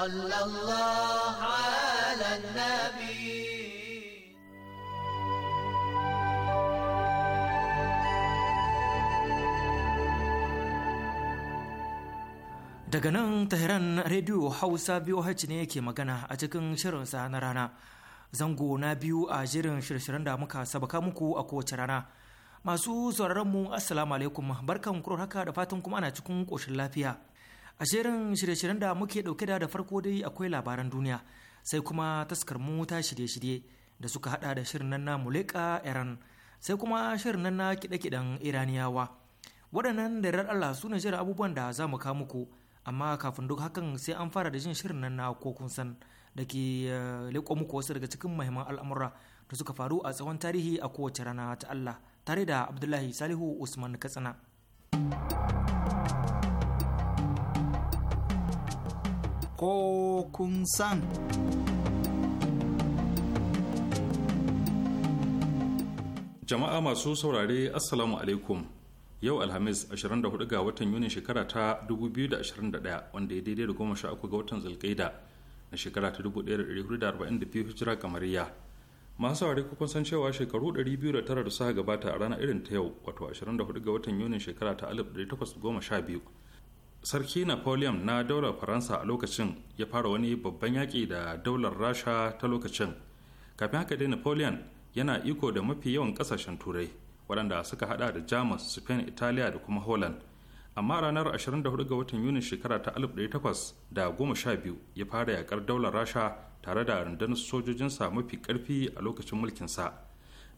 صلى الله على النبي Daga nan Tahiran Radio Hausa VOH ne ke magana a cikin shirinsa na rana. Zango na biyu a jirin shirin-shirin da muka sabaka muku a kowace rana. Masu sauraron mu Assalamu alaikum barkan kuro haka da fatan kuma ana cikin koshin lafiya. A shirin shirye-shiryen da muke ɗauke da da farko dai akwai labaran duniya sai kuma taskar mu ta shirye-shirye da suka hada da shirin nan na Muleka Iran sai kuma shirin nan na kiɗe-kiɗen Iraniyawa. Waɗannan da rar Allah su ne shirin abubuwan da za mu kawo muku amma kafin duk hakan sai an fara da jin shirin nan na ko san da ke eh, leƙo muku wasu daga cikin muhimman al'amura da suka faru a tsawon tarihi a kowace rana ta Allah tare da Abdullahi Salihu Usman Katsina. ko kun san. Jama'a masu saurare Assalamu alaikum. Yau Alhamis 24 ga watan Yuni shekara ta 2021 wanda ya daidai da goma sha uku ga watan Zulkaida na shekara ta 1442 hijira kamariya. Masu saurare kun san cewa shekaru 209 da suka gabata a ranar irin ta yau wato 24 ga watan Yuni shekara ta 1812 sarki napoleon na daular faransa a lokacin ya fara wani babban yaƙi da daular rasha ta lokacin kafin haka dai napoleon yana iko da mafi yawan ƙasashen turai waɗanda suka hada da jamus spain italiya da kuma holland amma ranar 24 ga watan yuni shekara ta 1812 ya fara yakar daular rasha tare da rundunar sojojinsa mafi karfi a lokacin mulkinsa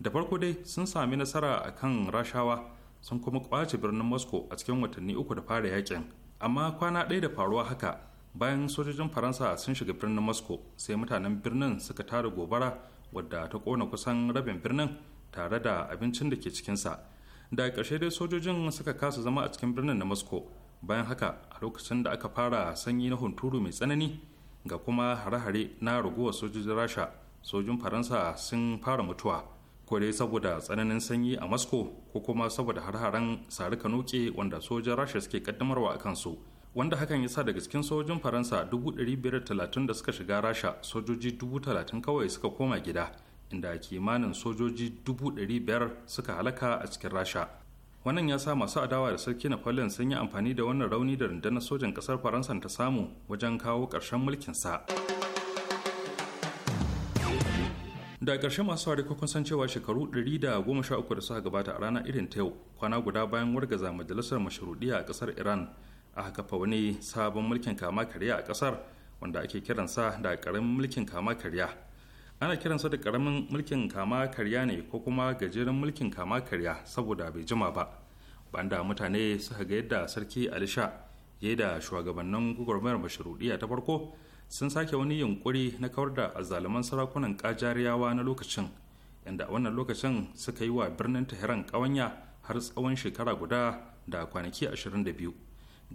da farko dai sun sami nasara a kan rashawa sun kuma ƙwace birnin moscow a cikin watanni uku da fara yakin amma kwana ɗaya da faruwa haka bayan sojojin faransa sun shiga birnin moscow sai mutanen birnin suka tara gobara wadda ta kona kusan rabin birnin tare da abincin da ke cikinsa da ƙarshe dai sojojin suka kasa zama a cikin birnin na moscow bayan haka a lokacin da aka fara sanyi na hunturu mai tsanani ga kuma hare-hare na raguwar sojojin rasha sojojin faransa sun fara mutuwa ko dai saboda tsananin sanyi a moscow ko kuma saboda har-haren sarika noke wanda sojan rasha suke kaddamarwa a kansu wanda hakan ya sa daga cikin sojojin faransa 530 da suka shiga rasha sojoji 30,000 kawai suka koma gida inda kimanin sojoji 500 suka halaka a cikin rasha wannan ya sa masu adawa da sarki napoleon sun yi amfani da wannan rauni da rundunar sojan kasar faransa ta samu wajen kawo ƙarshen mulkinsa. sa da ƙarshe masu saurari kun san cewa shekaru 113 da suka gabata a rana irin ta yau kwana guda bayan wargaza majalisar mashruɗiya a ƙasar iran a kafa wani sabon mulkin kama karya a ƙasar wanda ake kiransa da ƙaramin mulkin kama karya ana kiransa da ƙaramin mulkin kama karya ne ko kuma gajeren mulkin kama karya saboda bai jima ba banda mutane suka ga yadda sarki alisha ya da shugabannin gwagwarmayar mashruɗiya ta farko sun sake wani yunkuri na kawar da azzaluman sarakunan kajariyawa na lokacin inda wannan lokacin suka yi wa birnin tehran ƙawanya har tsawon shekara guda da kwanaki 22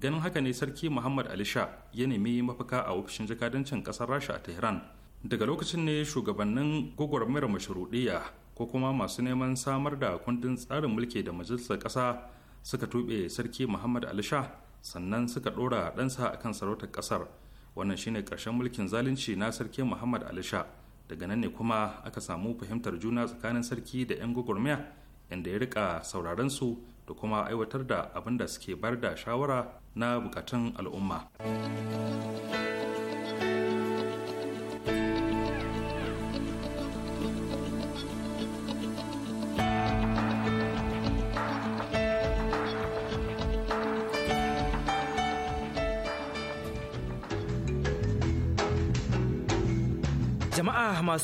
ganin haka ne sarki muhammad ali sha ya nemi mafaka a ofishin jakadancin ƙasar rasha a tehran daga lokacin ne shugabannin gwagwarmayar mashruɗiya ko kuma masu neman samar da kundin tsarin mulki da majalisar ƙasa suka tuɓe sarki muhammad alisha sannan suka ɗora ɗansa akan sarautar ƙasar wannan shine karshen mulkin zalunci na sarki muhammad alisha daga nan ne kuma aka samu fahimtar juna tsakanin sarki da 'yan gwagwarmaya inda ya rika sauraron su da kuma aiwatar da abin da suke bar da shawara na bukatun al'umma.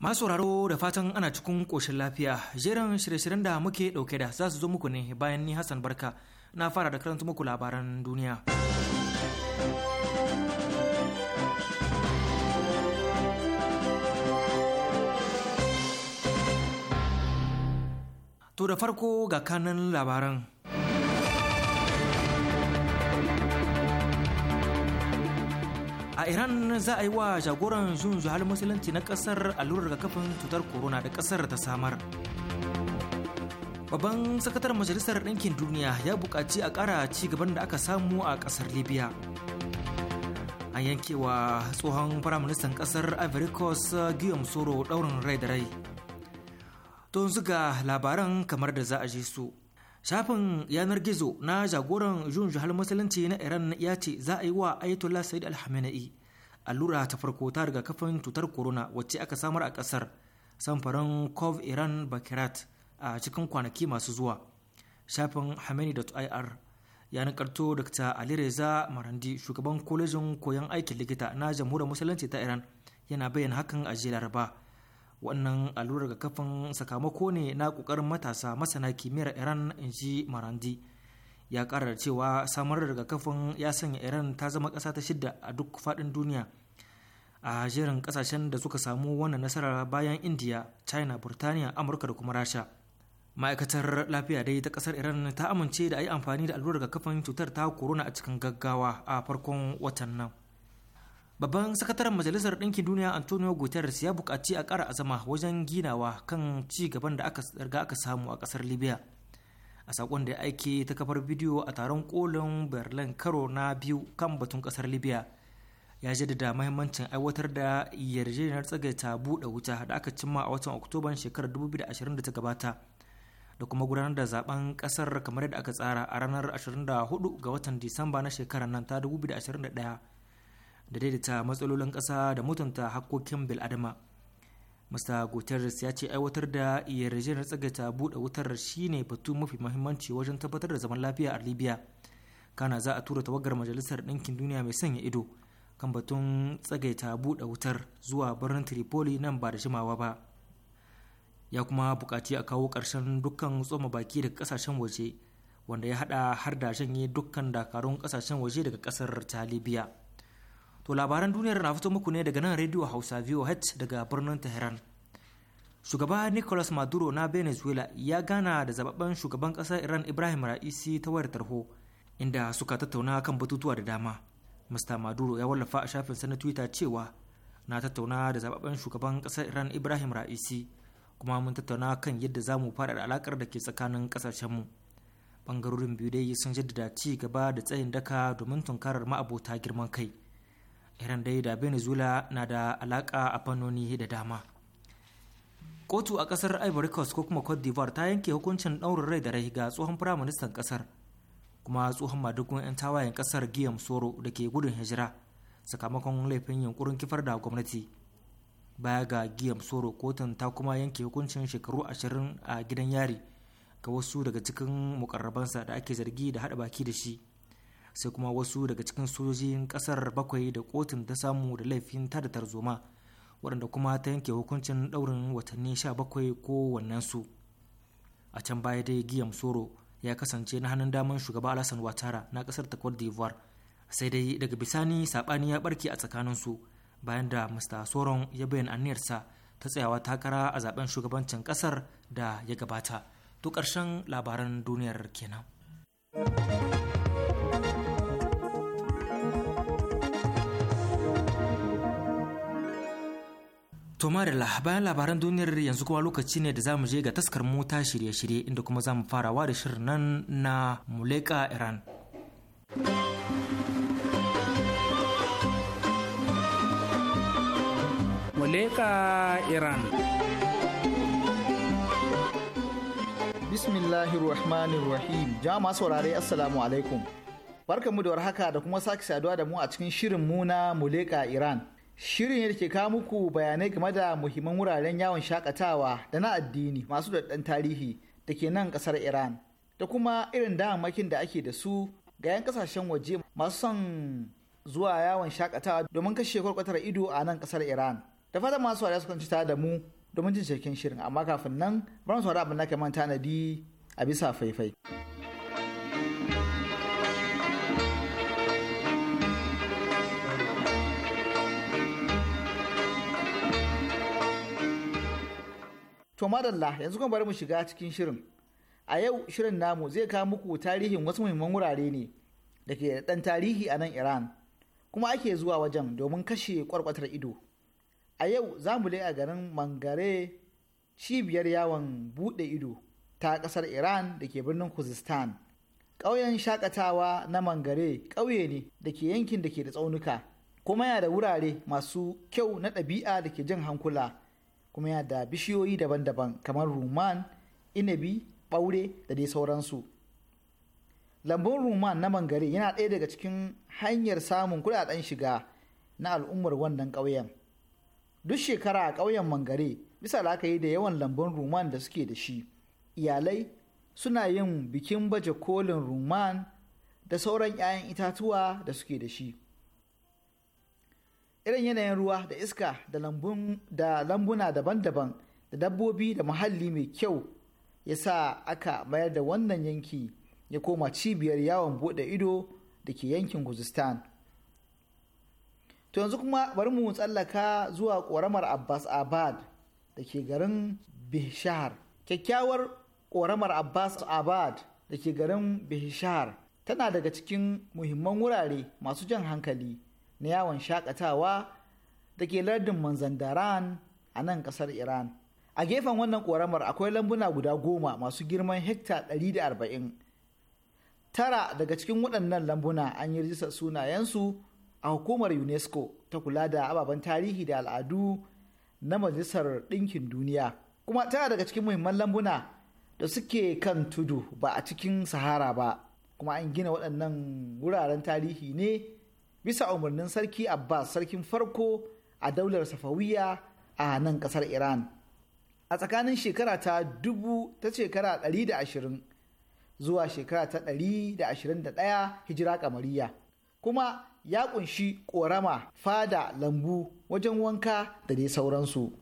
Masu sauraro da fatan ana cikin koshin lafiya jerin shirye-shiryen da muke ɗauke da za su zo muku ne bayan ni Hassan Barka na fara da karanta muku labaran duniya. To da farko ga kanan labaran a iran za a yi wa jagoran jun juhal musulunci na kasar allurar kafin cutar corona da kasar ta samar babban sakatar majalisar ɗinkin duniya ya buƙaci a ƙara ci gaban da aka samu a ƙasar libya an yankewa tsohon firaministan ƙasar ivory coast guillaume soro ɗaurin rai da rai don zuga labaran kamar da za a ji su Shafin yanar gizo na jagoran jun jihar musulunci na Iran ya ce za a yi wa Ayatollah Said al allura ta farko ta riga kafin cutar corona wacce aka samar a ƙasar? samfarin Cov Iran Bakirat a cikin kwanaki masu zuwa. Shafin Hamani.ir ya nakarto Dr. Ali Reza Marandi shugaban kwalejin koyon aikin likita na jamhuriyar musulunci ta Iran yana bayyana hakan a jiya Laraba. wannan allurar kafin sakamako ne na ƙoƙarin matasa masana kimiyyar iran in ji marandi ya karar cewa samar da rigakafin ya sanya iran ta zama ƙasa ta shidda a duk faɗin duniya a jerin ƙasashen da suka samu wannan nasara bayan indiya china burtaniya amurka da kuma rasha ma'aikatar lafiya dai ta ƙasar iran ta amince da a yi amfani da allurar rigakafin cutar ta corona a cikin gaggawa a farkon watan nan babban sakataren majalisar ɗinkin duniya antonio guterres ya buƙaci a ƙara azama wajen ginawa kan ci gaban da aka riga aka samu a ƙasar libya a saƙon da ya aike ta kafar bidiyo a taron kolin berlin karo na biyu kan batun ƙasar libya ya jaddada mahimmancin aiwatar da yarjejeniyar tsagaita buɗe wuta da aka cimma a watan oktoban shekarar 2020 ta gabata da kuma gudanar da zaben ƙasar kamar yadda aka tsara a ranar 24 ga watan disamba na shekarar nan ta 2021 da daidaita matsalolin ƙasa da mutunta hakkokin adama Mr. guterres ya ce aiwatar da yarjejeniyar tsagaita buɗe wutar shine batu mafi mahimmanci wajen tabbatar da zaman lafiya a libya kana za a tura tawagar majalisar ɗinkin duniya mai sanya ido kan batun tsagaita buɗe wutar zuwa birnin tripoli nan ba da jimawa ba ya kuma buƙaci a kawo ƙarshen dukkan tsoma baki daga kasashen waje wanda ya haɗa har da janye dukkan dakarun kasashen waje daga ƙasar ta libya To labaran duniyar na fito muku ne daga nan Radio Hausa VOH daga birnin Tehran. Shugaba Nicolas Maduro na Venezuela ya gana da zababben shugaban ƙasar Iran Ibrahim Ra'isi ta wayar tarho inda suka tattauna kan batutuwa da dama. Mr. Maduro ya wallafa a shafin na Twitter cewa na tattauna da zababben shugaban ƙasar Iran Ibrahim Ra'isi kuma mun tattauna kan yadda za mu da alakar da ke tsakanin mu bangarorin biyu dai sun jaddada ci gaba da tsayin daka domin tunkarar ma'abota girman kai. iran dai da venezuela na da alaka a fannoni da dama kotu a kasar ivory coast ko kuma cote d'ivoire ta yanke hukuncin daurin rai da rai ga tsohon firaministan kasar kuma tsohon madugun 'yan tawayen kasar guillaume soro da ke gudun hijira sakamakon laifin yunkurin kifar da gwamnati baya ga giyam soro kotun ta kuma yanke hukuncin shekaru ashirin a gidan yari ga wasu daga cikin mukarrabansa da ake zargi da hada baki da shi sai kuma wasu daga cikin sojojin kasar bakwai da kotun ta samu da laifin tada tarzoma waɗanda kuma ta yanke hukuncin ɗaurin watanni sha bakwai ko su a can baya dai giyam soro ya kasance na hannun daman shugaba alasan watara na kasar ta cote d'ivoire sai dai daga bisani saɓani ya barke a tsakanin su bayan da mr soron ya bayyana aniyarsa ta tsayawa takara a zaben shugabancin kasar da ya gabata to ƙarshen labaran duniyar kenan. To Marilla bayan labaran duniyar yanzu kuma lokaci ne da zamu je ga taskar mota shirye-shirye inda kuma zamu farawa da shirin nan na Muleka Iran. Muleka Iran. Bismillahirrahmanirrahim. Jama'a saurare Assalamu alaikum. Barkanmu da warhaka da kuma sake saduwa da mu a cikin shirin mu na Muleka Iran. Shirin yadda ke kawo muku bayanai game da muhimman wuraren yawon shakatawa da na addini masu ɗan tarihi da ke nan ƙasar Iran da kuma irin damammakin da ake da su ga 'yan ƙasashen waje masu son zuwa yawon shakatawa domin kashe kwarkwatar ido a nan ƙasar Iran. Da fata masu wariya sukan cuta da mu domin jin shirin amma kafin nan bar mu saurari abin tanadi a bisa faifai. To madalla yanzu kuma bari mu shiga cikin shirin. A yau shirin namu zai kawo muku tarihin wasu muhimman wurare ne da ke da ɗan tarihi a nan Iran. Kuma ake zuwa wajen domin kashe kwarkwatar ido. A yau za mu a garin Mangare cibiyar yawon buɗe ido ta ƙasar Iran da ke birnin Kuzistan. Ƙauyen shakatawa na Mangare ƙauye ne da ke yankin da ke da tsaunuka kuma yana da wurare masu kyau na ɗabi'a da ke jin hankula. kuma yana da bishiyoyi daban-daban kamar ruman inabi ɓaure da dai sauransu lambun ruman na mangare yana ɗaya daga cikin hanyar samun kudaden shiga na al'ummar wannan ƙauyen duk shekara a ƙauyen mangare bisa la'akari da yawan lambun ruman da suke da shi iyalai suna yin bikin baje kolin ruman da sauran 'ya'yan itatuwa da suke da shi irin yanayin ruwa da iska da lambuna daban-daban da dabbobi da muhalli mai kyau ya sa aka mayar da wannan yanki ya koma cibiyar yawon bude ido da ke yankin guzistan to yanzu kuma bari mu tsallaka zuwa ƙoramar abbas abad da ke garin bishar kyakkyawar ƙoramar abbas abad da ke garin bishar tana daga cikin muhimman wurare masu jan hankali na yawon shakatawa da ke lardin manzandaran a nan kasar iran a gefen wannan koramar akwai lambuna guda goma masu girman hekta 140 tara daga cikin waɗannan lambuna an yi rijistar sunayensu a hukumar unesco ta kula da ababen tarihi da al'adu na majalisar ɗinkin duniya kuma tara daga cikin muhimman lambuna da suke kan tudu ba a cikin sahara ba kuma an gina waɗannan wuraren tarihi ne bisa umarnin sarki abbas sarkin farko a daular safawiya a nan kasar iran a tsakanin shekara ta dubu ta shekara 120 zuwa shekara ta 121 hijira kamariya kuma ya kunshi korama fada lambu wajen wanka da dai sauransu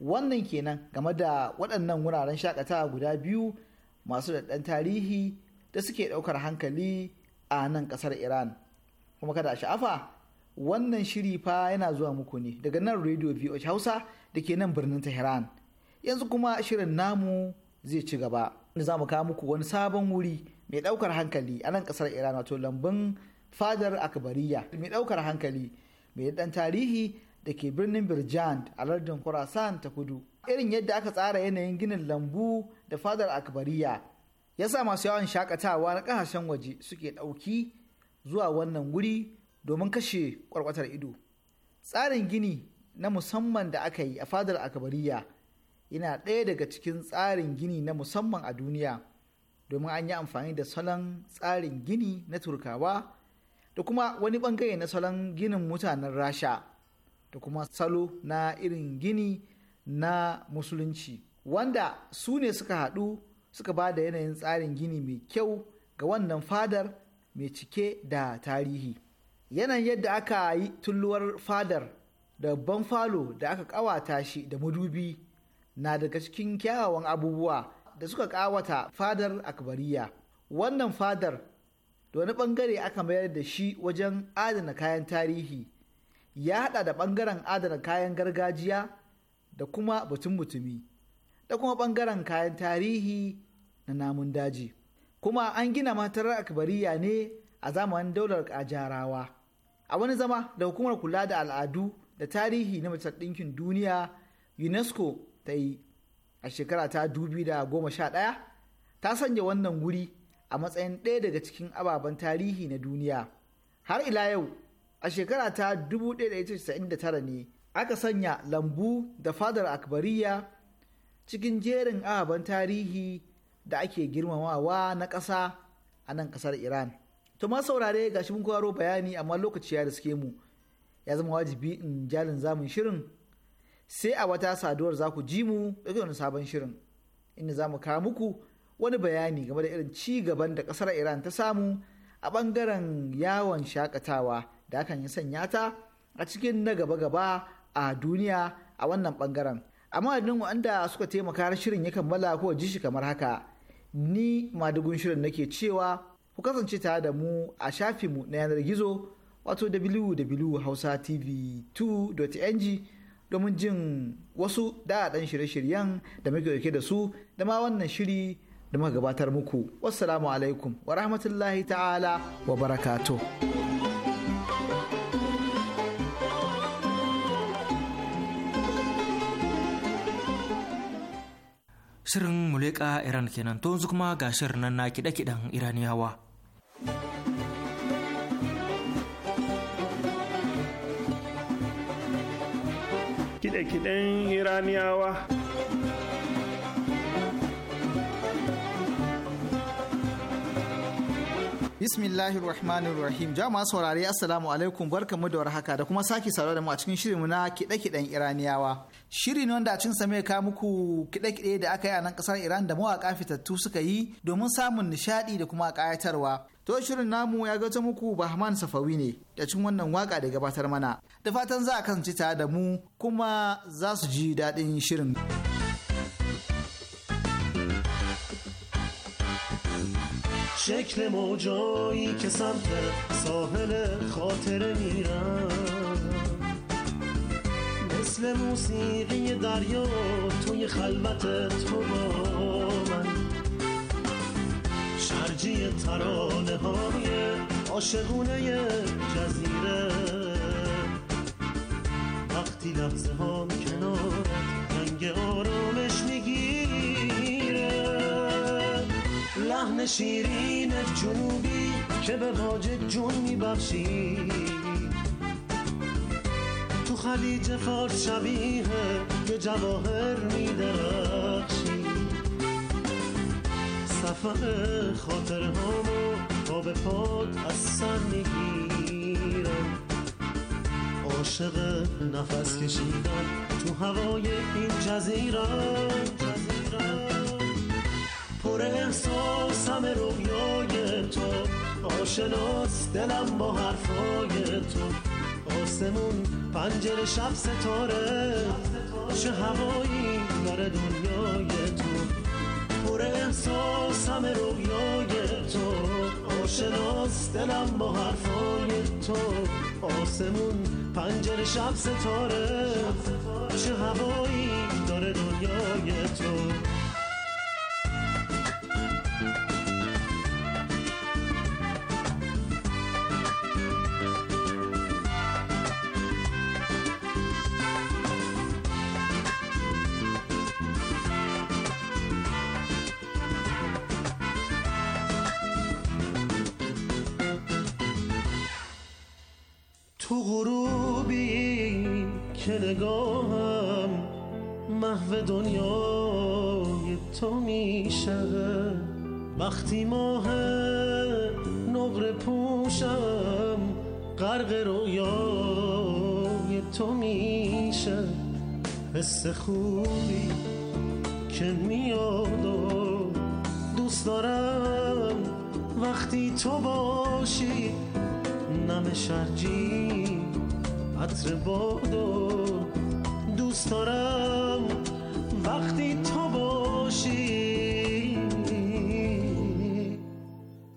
wannan kenan game da waɗannan wuraren shakatawa guda biyu masu daɗan tarihi da suke ɗaukar hankali a nan ƙasar iran kuma kada a sha'afa wannan shiri fa yana zuwa muku ne daga nan radio voh hausa da ke nan birnin tehran yanzu kuma shirin namu zai ci gaba za mu kawo muku wani sabon wuri mai ɗaukar hankali a nan ƙasar iran wato lambun fadar akbariya mai ɗaukar hankali mai ɗan tarihi da ke birnin birjan a lardin khorasan ta kudu irin yadda aka tsara yanayin ginin lambu da fadar akbariya ya sa masu yawan shakatawa na kasashen waje suke ɗauki zuwa wannan wuri domin kashe kwarkwatar ido tsarin gini na musamman da aka yi a fadar akbariya yana ɗaya daga cikin tsarin gini na musamman a duniya domin an yi amfani da salon tsarin gini na turkawa da kuma wani ɓangare na salon ginin mutanen rasha da kuma salo na irin gini na musulunci wanda su ne suka haɗu suka ba da yanayin tsarin gini mai kyau ga wannan fadar mai cike da tarihi yanayin yadda aka yi tulluwar fadar da babban falo da aka ƙawata shi da madubi na daga cikin kyawawan abubuwa da suka ƙawata fadar akbariya wannan fadar da wani ɓangare aka mayar da shi wajen adana kayan tarihi ya hada da bangaren adana kayan gargajiya da kuma batun mutumi da kuma bangaren kayan tarihi na namun daji kuma an gina matar akbariya ne a zamanin daular kajarawa a wani zama da hukumar kula da al'adu da tarihi na majalisar ɗinkin duniya unesco ta yi a shekara ta ɗaya ta sanya wannan wuri a matsayin ɗaya daga cikin ababen tarihi na duniya har ila yau a shekara ta 1999 ne aka sanya lambu da fadar akbariya cikin jerin ababen tarihi da ake girmamawa na ƙasa a nan ƙasar iran to ma saurare ga shi kwaro bayani amma lokaci ya riske mu ya zama wajibi in jalin zamun shirin sai a wata saduwar za ku ji mu daga wani sabon shirin inda za mu kawo muku wani bayani game da irin ci gaban da ƙasar iran ta samu a ɓangaren yawon shakatawa da hakan ya sanya ta a cikin na gaba-gaba a duniya a wannan bangaren amma adadin wanda suka taimaka har shirin ya kammala ko ji shi kamar haka ni madugun shirin nake cewa ku kasance tare da mu a mu na yanar gizo wato www.hausatv2.ng domin jin wasu daɗaɗɗen shirye-shiryen da muke dauke da su da ma wannan shiri da muka gabatar muku wassalamu alaikum wa rahmatullahi ta'ala wa barakatuh Shirin Muleka Iran kenan to yanzu kuma ga shirin nan na kiɗe-kiɗen Iraniyawa. Kiɗe-kiɗen Iraniyawa. Bismillahir Rahmanir Rahim. Jama'a saurare Assalamu alaikum barkamu da warhaka da kuma sake saurare da mu a cikin shirinmu na kiɗe-kiɗen Iraniyawa. Shiri ne wanda a cikin sa ka muku kiɗe-kiɗe da aka yi a nan kasar Iran da mawaka fitattu suka yi domin samun nishadi da kuma kayatarwa To shirin namu ya gato muku Bahman Safawi ne da cikin wannan waka da gabatar mana. Da fatan za a kasance tare da mu kuma za su ji daɗin shirin. شکل موجایی که سمت ساحل خاطره میرم مثل موسیقی دریا توی خلوت تو با من شرجی ترانه های عاشقونه جزیره وقتی لحظه هم کنارت رنگ آرامش میگیر لحن شیرین جنوبی که به واج جون میبخشی تو خلیج فارس شبیه که جواهر میدرخشی سفر خاطر همو تا به پاد از سر میگیرم عاشق نفس کشیدن تو هوای این جزیرم پر احساسم رویای تو آشناس دلم با حرفای تو آسمون پنجره شب ستاره چه هوایی داره دنیای تو پر احساسم رویای تو آشناس دلم با حرفای تو آسمون پنجره شب ستاره چه هوایی داره دنیای تو که نگاهم محو دنیای تو میشه وقتی ماه نبر پوشم غرق رویای تو میشه حس خوبی که میاد دوست دارم وقتی تو باشی نم شرجی عطر بادو دوست دارم وقتی تو باشی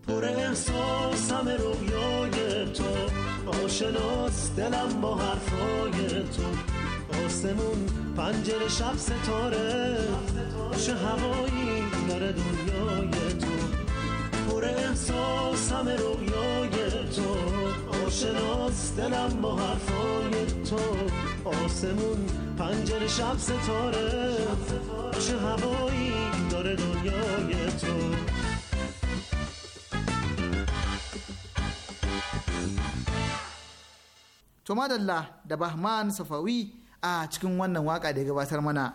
پر احساسم رویای تو آشناس دلم با حرفای تو آسمون پنجره شب ستاره چه هوایی داره دنیای تو پر احساسم رویای تو آشناس باز دلم با حرفای تو آسمون پنجره شب ستاره چه هوایی داره دنیای تو To madalla da Bahman Safawi a cikin wannan waka da ya gabatar mana.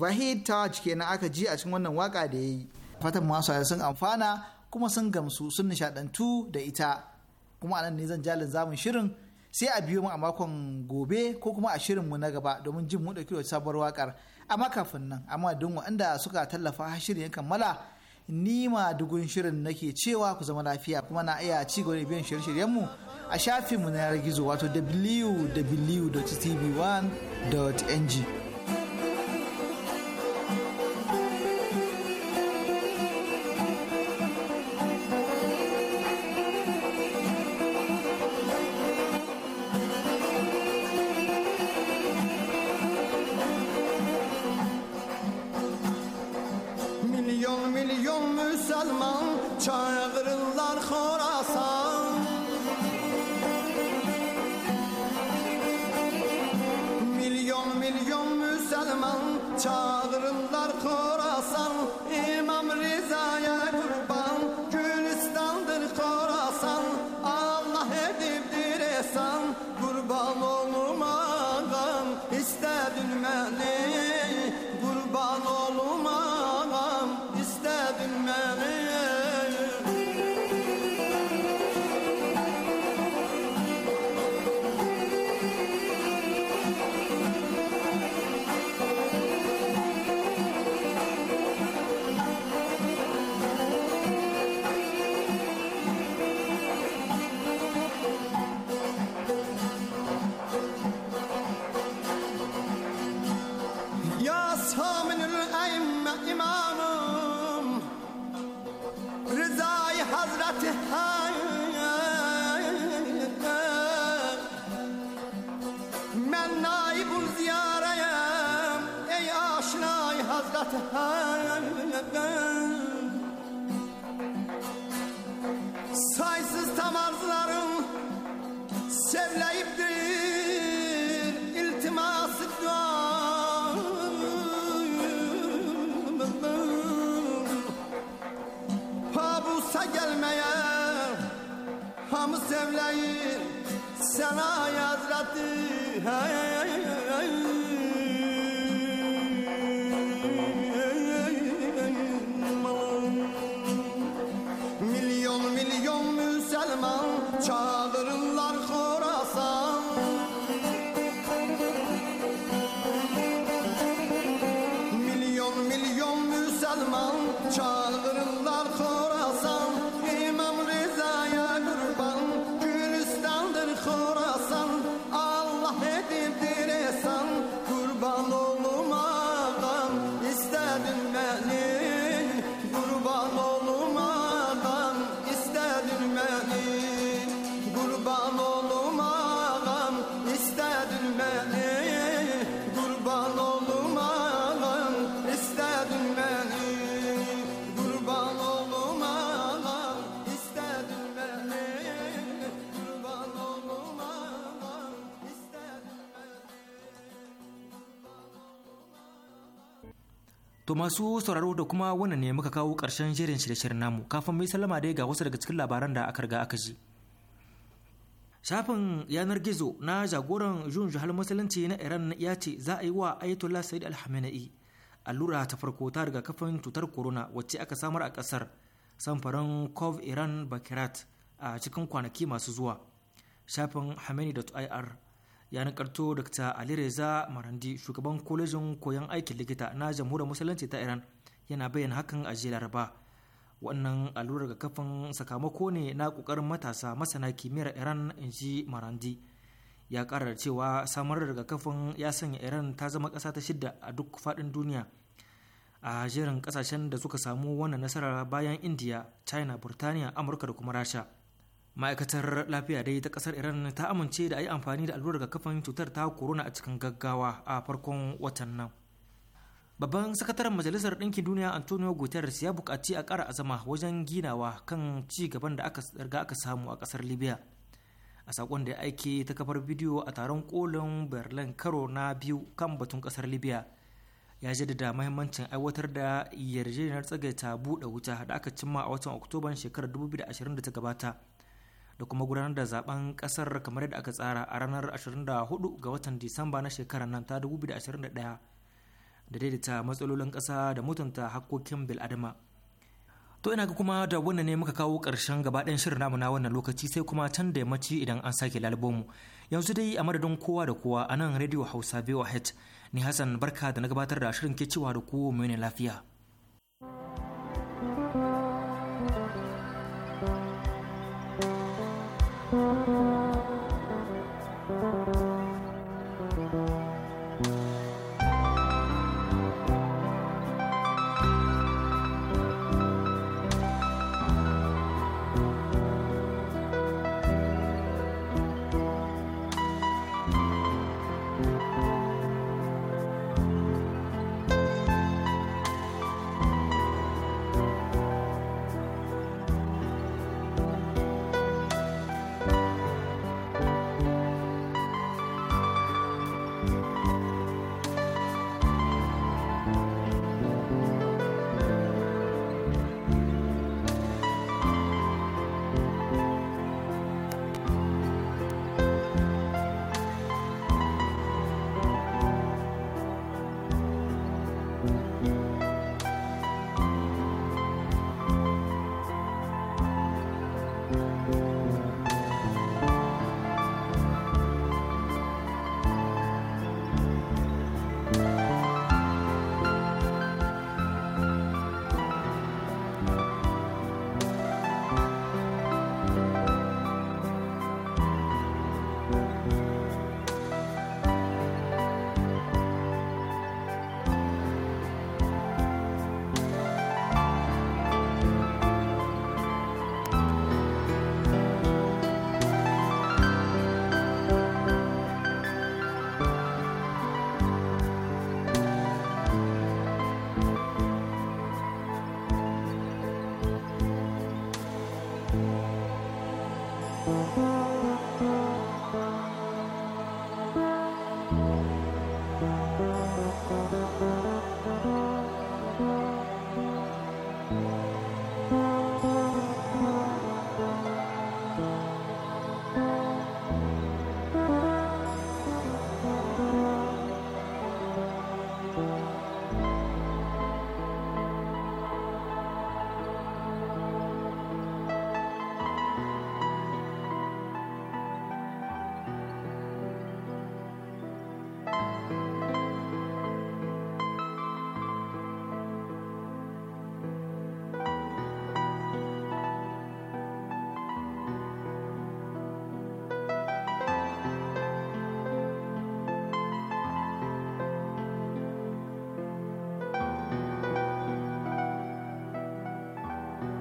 Vahid Taj kenan aka ji a cikin wannan waka da ya yi. Fatan masu sun amfana kuma sun gamsu sun nishadantu da ita. kuma anan ne zan jalin zamun shirin sai a biyo mu a makon gobe ko kuma a shirin mu na gaba domin jin mu dauki sabuwar wakar amma kafin nan amma don waɗanda suka tallafa shirin yankan mala ni ma dugun shirin nake cewa ku zama lafiya kuma na iya ci gaba da biyan shirye-shiryen mu a shafinmu na yanar gizo wato www.tv1.ng Mevlayim sana yazrattı hey, To masu sauraro da kuma wannan ne muka kawo ƙarshen jerin shirye-shiryen namu kafin mai sallama dai ga wasu daga cikin labaran da aka riga aka ji. Shafin yanar gizo na jagoran Jun Juhal Musulunci na Iran ya ce za a yi wa Ayatollah Said al allura ta farko ta riga kafin cutar corona wacce aka samar a kasar samfarin kov Iran Bakirat a cikin kwanaki masu zuwa. Shafin Hameni.ir ya nakarto dr ali reza marandi shugaban kwalejin koyon aikin likita na jamhuriyar musulunci ta iran yana bayyana hakan a jiya laraba wannan allurar kafin sakamako ne na kokarin matasa masana kimiyyar iran in ji marandi ya kara da cewa samar da rigakafin ya sanya iran ta zama ƙasa ta shidda a duk faɗin duniya a jerin ƙasashen da suka samu wannan nasara bayan india china burtaniya amurka da kuma rasha ma'aikatar lafiya dai ta kasar iran ta amince da a yi amfani da allurar kafan cutar ta corona a cikin gaggawa a farkon watan nan babban sakataren majalisar ɗinkin duniya antonio guterres ya buƙaci a ƙara azama wajen ginawa kan ci gaban da aka riga aka samu a ƙasar libya a saƙon da ya aike ta kafar bidiyo a taron kolin berlin karo na biyu kan batun ƙasar libya ya jaddada mahimmancin aiwatar da yarjejeniyar tsagaita buɗe wuta da aka cimma a watan oktoban shekarar 2020 da ta gabata da kuma gudanar da zaben kasar kamar yadda aka tsara a ranar 24 ga watan disamba na shekarar nan ta 2021 da daidaita matsalolin kasa da mutunta bil adama to ina ga kuma da wannan ne muka kawo ƙarshen gabaɗayan shirin namu na wannan lokaci sai kuma can da yammaci idan an sake lalbomu yanzu dai a madadin kowa da kowa a nan rediyo hausa voh ni hassan barka da na gabatar da shirin ke cewa da ku mene lafiya